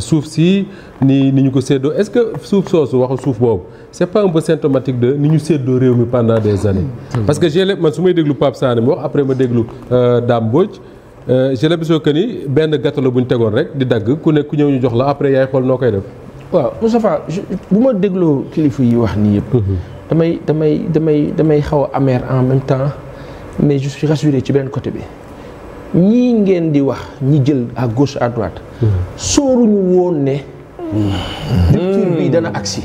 suuf si ni ni ñu ko séddoo est-ce que suuf soosu waxu suuf boobu c'est pas un peu symptomatique de ni ñu séddoo réew mi pendant des années. Mm-hmm. parce que j'ai man su may déglu Pape Sané mu wax après ma déglu euh, Dame Mbodj euh, j'ai l'impression que ni benn gâteau la bu ñu tegoon rek di dagg ku ne ku ñëw ñu jox la après yaay xool noo koy def. waaw Moustapha bu ma dégloo kilifa yi wax nii yëpp. Mm-hmm. damay damay damay damay xaw a amer en même temps mais je suis rassuré ci benn côté bi. ñii ngeen di wax ñi jël à gauche à droite. sóoruñu woon ne. rupture bi dana agsi.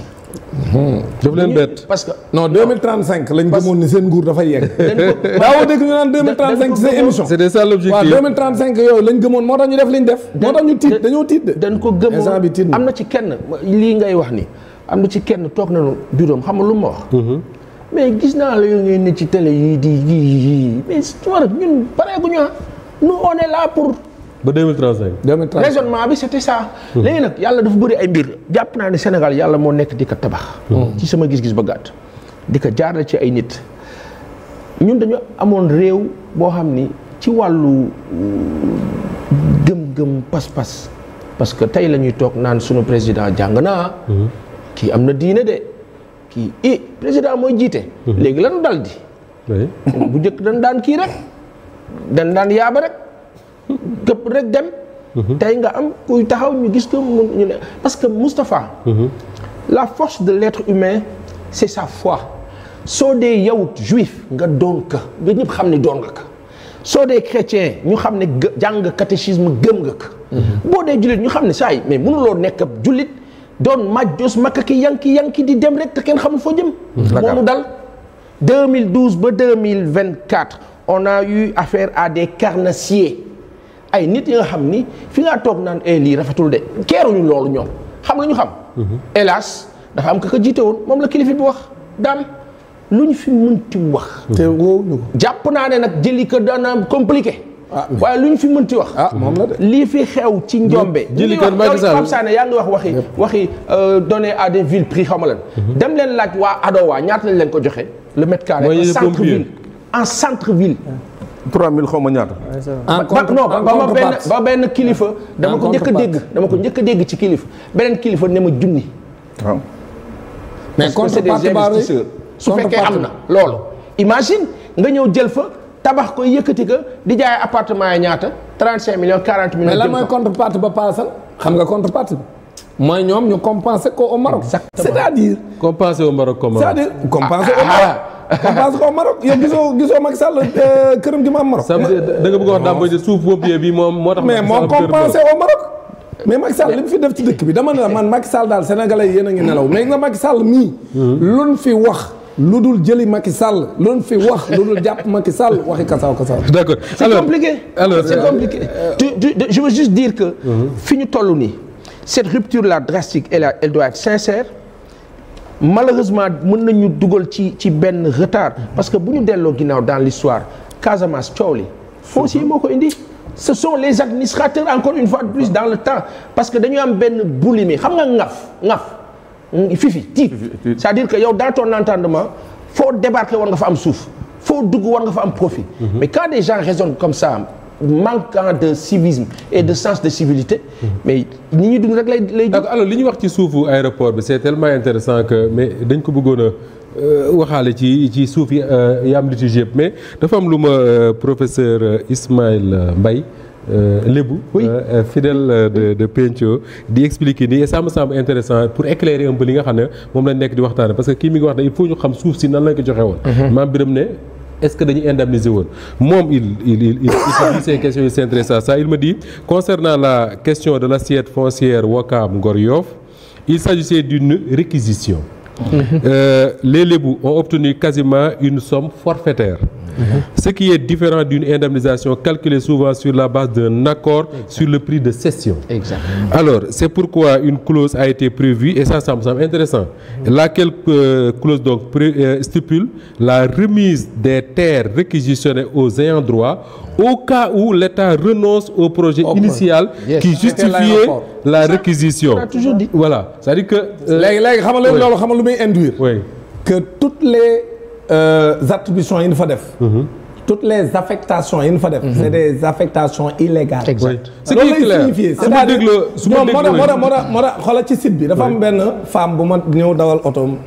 daf leen bett parce que. non 2035 lañ gëmoon ni seen nguur dafay yegg. daawoo dégg ñu naan 2035 seen émission. c'était ça l'objectif waaw moo tax ñu def liñ def. moo tax ñu tiit dañoo tiit de. dañ ko gëmoon am na ci kenn lii ngay wax ni am na ci kenn toog nañu juróom xam nga lu ma wax. Mhm. mais gis naa la yoo ngeen ne ci télé yii di yii yii mais war ñun pareeguñu ah. nous one est pour. ba 2035. 2035 raisonnement bi c'était ça. léegi nag yàlla dafa bëri ay mbir jàpp naa ne Sénégal yàlla moo nekk di ko tabax. Hmm. ci sama gis-gis ba gàtt. di ko jaarale ci ay nit. ñun dañu amoon réew boo xam ni ci wàllu gëm-gëm pas-pas parce que tey la ñuy toog naan sunu président jàng naa. Hmm. kii am na diine de kii i président mooy jiite. Hmm. léegi lanu dal di. bu njëkk dañ daan kii rek. dañ daan yaaba rek këpp rek dem mhm. tey nga am kuy taxaw ñu gis ko mun ñu ne parce que Moustapha mhm. la force de l'être humain c'est sa fois soo dee yawut juif nga doon ka ba ñëpp xam ne doon nga ka soo dee chrétien ñu xam ne jàng catéchisme gëm nga ka mhm. boo dee jullit ñu xam ne saa yi mais mënuloo nekk ab jullit doon majjos makka ki yanki yanki di dem rek te kenn xamul foo jëm moo nu dal 2012 ba 2024 on a eu affaire à des carnassiers ay nit yi nga xam ni fi nga toog naan eh, lii rafetul de keeruñu loolu ñoom xam nga ñu xam. Mhm. hélas dafa am kaka jiite woon moom la kilifa bi wax daal lu ñu fi mënti wax. Mhm. te jàpp naa ne nag jëli ko dana compliqué. Ah, waaye lu ñu fi mënti wax. ah moom la lii fi xew ci njombe. jëli ko Macky Sall Pape Sané yaa ngi wax waxi waxi euh, donné à des villes prix ma lan. Mhm. dem leen laaj waa Adowa ñaata lañ leen ko joxe. le mètre carré centre ville. en centre-ville. 3000 xaw ma ñaata. en contre non ba benn benn kilifa. dama ko njëkk a dégg dama ko njëkk a dégg ci kilifa beneen kilifa ne ma junni. waaw. mais contre partie des su fekkee am na loolu. imagine nga ñëw jël fa tabax ko yëkkati ko di jaay appartement yi ñaata 35 millions 40 millions. mais lan mooy contrepartie ba paasal xam nga contrepartie bi. mooy ñoom ñu compenser ko au Maroc. c'est-à-dire. compenser au Maroc comme. c'est-à-dire ah, compenser au ah, ah. Maroc. ma base ko Maroc yow gisoo gisoo Macky Sall këram gi mu am Maroc. da nga bëgg a wax daa bëgg suuf boobu bi moom moo tax. mais moo compensé au Maroc. mais Macky Sall li mu fi def ci dëkk bi dama ne la man Macky Sall daal sénégalais yéen a ngi nelaw mais nga Macky Sall mii. luñ fi wax. lu dul jëli Macky Sall loolu fi wax lu dul jàpp Macky Sall waxi kasaaw kasaaw. d' accord alors c' est compliqué. alors c' est euh, compliqué. tu tu je veux juste dire que. Mhm. fi ñu toll nii. cette rupture là drastique elle elle doit être sincère. malheureusement mën nañu dugal ci ci benn retard parce que bu ñu delloo ginnaaw dans l'histoire Casamance coow li foncier moo ko indi ce sont les administrateurs encore une fois de plus dans le temps parce que dañu am benn boulimie xam nga ngaf ngaf fifi tiit c'est-à-dire que yow daatoon ton entendement foo débarquer war nga fa am suuf foo dugg war nga fa am profit mhm. mais quand des gens raisonnent comme ça manquant de civisme et de sens de civilité. mais ni ñuy dund rek lay lay. donc alors li ñu wax ci suufu aéroport bi c' est tellement intéressant que mais dañ ko bëggoon a euh, waxaale ci ci suuf euh, yi am litige yëpp mais dafa am lu ma euh, professeur Ismaïla Mbaye Euh, lébu oui. euh, fidèle de de Pencho di expliquer nii et ça me semble intéressant pour éclairer un li nga xam ne moom la nekk di waxtaane parce que kii mi ngi wax ne il faut ñu xam suuf si nan lañ ko joxe mhm. maam biram ne est-ce que dañu indemniser woon moom il il il il il ces questions il s'intéresse à il me dit concernant la question de la l'assiette foncière Ouakam Ngor Yoff il s'agissait d'une réquisition. Mm-hmm. Euh, les Lébou ont obtenu quasiment une somme forfaitaire. ce qui est différent d'une indemnisation calculée souvent sur la base d'un accord sur le prix de cession. Alors, c'est pourquoi une clause a été prévue et ça, ça me semble intéressant. Laquelle euh, clause donc euh, stipule la remise des terres réquisitionnées aux ayants droit au cas où l'État renonce au projet okay. initial yes. qui justifiait la réquisition. Voilà, c'est-à-dire que euh, léegi léegi xam nga loolu xam nga lu muy induire que toutes Euh, attributions yi ñu fa def. Mhm. toutes les affectations yi ñu fa def. Mhm. c'est des affectations illégales. exact ce qui est clair su ma dégloo su ma dégloo moo tax moo ci site bi dafa am benn femme bu ma ñëw dawal otoom.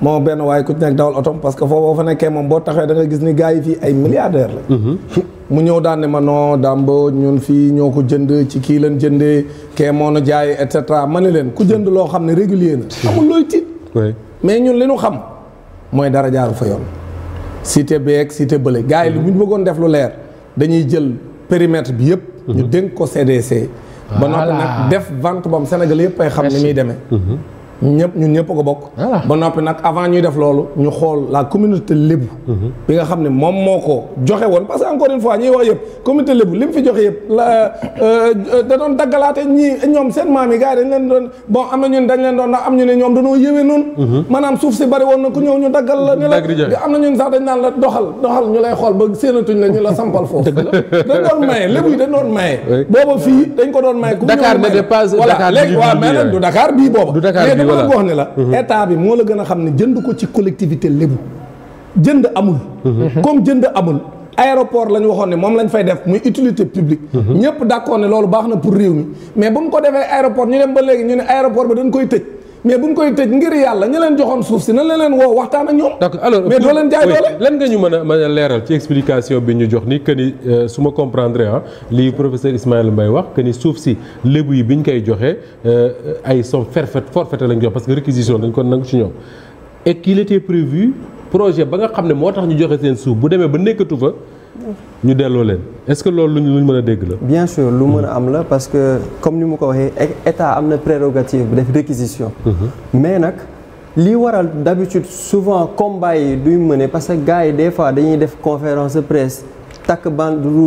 moo benn waaye ku ci nekk dawal otom parce que foofu boo fa nekkee moom boo taxee da gis ni gars yi fii ay milliardaires la mhm. mu ñëw daan ne ma non Dambo ñun fii ñoo ko jënd ci kii leen jënde kee moo na jaay et cetera ma ne leen ku jënd loo xam ne régulier na amul looy tiit mais ñun li ñu xam mooy dara jaaru fa yoon cité beeg cité bële gars yi lu ñu bëggoon def lu leer dañuy jël périmètre bi yëpp ñu mhm. dénk ko CDC ba noppi nag def vente bam Sénégal yëpp ay xam ni muy deme mhm. ñëpp ñun ñëpp ko bokk. Ah. ba noppi nag avant ñuy def loolu ñu xool la communauté lébu. Mhm. bi nga xam ne moom moo ko joxe woon parce que encore une fois ñuy wax yëpp communauté lébu li mu fi joxe yëpp la euh, euh, da doon daggalaate ñii mhm. am na ñun sax dañ naan la doxal doxal ñu lay xool ba séenatuñ la ñu la sampal foofu. dañ doon maye lébu yi dañ booba voilà wax ne la mhm. état bi moo la gën a xam ne jënd ko ci collectivité lébu jënd amul mhm. comme jënd amul aéroport la ñu waxoon ne moom lañ fay def muy utilité publique mhm. ñëpp d'accord ne loolu baax na pour réew mi mais ba mu ko defee aéroport ñu dem ba léegi ñu ne aéroport ba dañ koy tëj mais bu ñu koy tëj ngir yàlla ñu leen joxoon suuf si nan la leen woo waxtaan ak ñoom. d'accord alors mais doo leen jaay doole. lan nga ñu mën a mën a leeral ci explication bi ñu jox ni que ni euh, su ma comprendre ah li professeur Ismaïla Mbaye wax que ni suuf si lébu yi bi ñu koy joxe euh, ay somme forfait forfete lañ jox parce que réquisition dañ ko nangu ci ñoom et qu'il était prévu projet ba nga xam ne moo tax ñu joxe seen suuf bu demee ba nekkatu fa. ñu delloo leen est-ce que loolu luñ luñ mën a dégg la. bien sûr lu mën a am la parce que comme ni mu ko waxee état am na prérogative bu def réquisition. Mhm. mais nag li waral d'habitude souvent combat yi duñ mëne parce que gars yi des fois dañuy def conférence de presse takk bande rouge.